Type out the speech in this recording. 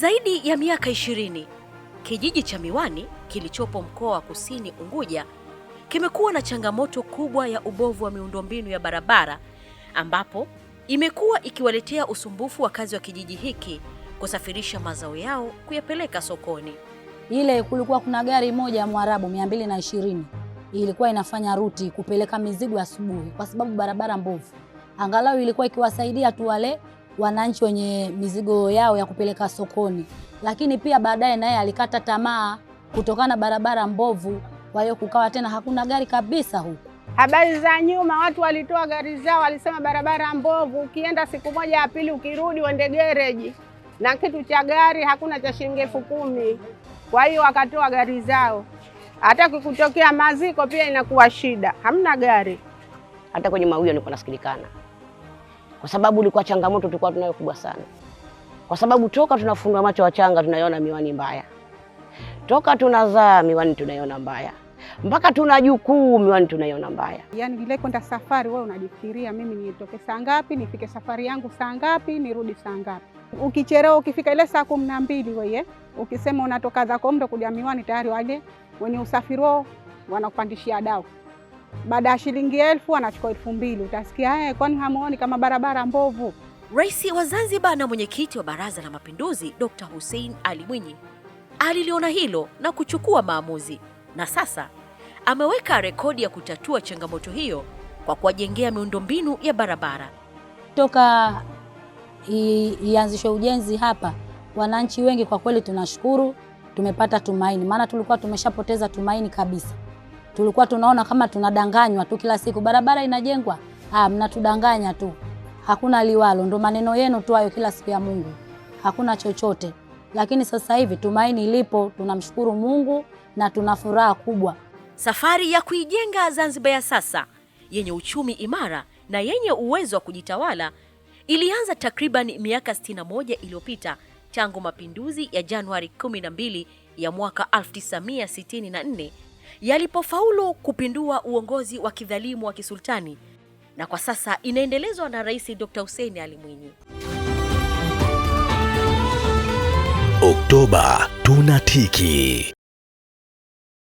zaidi ya miaka ishirini kijiji cha Miwani kilichopo mkoa wa Kusini Unguja kimekuwa na changamoto kubwa ya ubovu wa miundombinu ya barabara ambapo imekuwa ikiwaletea usumbufu wa kazi wa kijiji hiki kusafirisha mazao yao kuyapeleka sokoni. Ile kulikuwa kuna gari moja ya Mwarabu mia na ishirini ilikuwa inafanya ruti kupeleka mizigo asubuhi, kwa sababu barabara mbovu. Angalau ilikuwa ikiwasaidia tu wale wananchi wenye mizigo yao ya kupeleka sokoni, lakini pia baadaye naye alikata tamaa kutokana barabara mbovu. Kwa hiyo kukawa tena hakuna gari kabisa huku. Habari za nyuma watu walitoa gari zao, walisema barabara mbovu, ukienda siku moja ya pili ukirudi uende gereji na kitu cha gari hakuna cha shilingi elfu kumi. Kwa hiyo wakatoa gari zao, hata kikutokea maziko pia inakuwa shida, hamna gari. Hata kwenye mawio nilikuwa nasikilikana kwa sababu ilikuwa changamoto tulikuwa tunayo kubwa sana, kwa sababu toka tunafundwa macho wachanga tunaiona miwani mbaya, toka tunazaa miwani tunaiona mbaya, mpaka tuna jukuu miwani tunaiona mbaya. yani ile kwenda safari, wewe unajifikiria mimi nitoke saa ngapi, nifike safari yangu saa ngapi, nirudi saa ngapi? Ukichelewa ukifika ile saa kumi na mbili weye, eh, ukisema unatoka zako mdo kuja miwani, tayari wale wenye usafiri wao wanakupandishia dau baada ya shilingi elfu anachukua elfu mbili Utasikia haya, eh, kwani hamuoni kama barabara mbovu? Rais wa Zanzibar na mwenyekiti wa Baraza la Mapinduzi Dr. Hussein Ali Mwinyi aliliona hilo na kuchukua maamuzi, na sasa ameweka rekodi ya kutatua changamoto hiyo kwa kuwajengea miundombinu ya barabara. Toka ianzishwe ujenzi hapa, wananchi wengi kwa kweli tunashukuru, tumepata tumaini, maana tulikuwa tumeshapoteza tumaini kabisa tulikuwa tunaona kama tunadanganywa tu kila siku, barabara inajengwa, ah, mnatudanganya tu, hakuna liwalo, ndo maneno yenu tu hayo kila siku ya Mungu, hakuna chochote. Lakini sasa hivi tumaini lipo, tunamshukuru Mungu na tuna furaha kubwa. Safari ya kuijenga Zanzibar ya sasa yenye uchumi imara na yenye uwezo wa kujitawala ilianza takriban miaka 61 iliyopita tangu mapinduzi ya Januari 12 ya mwaka 1964 yalipofaulu kupindua uongozi wa kidhalimu wa kisultani na kwa sasa inaendelezwa na Rais Dr. Hussein Ali Mwinyi. Oktoba tunatiki.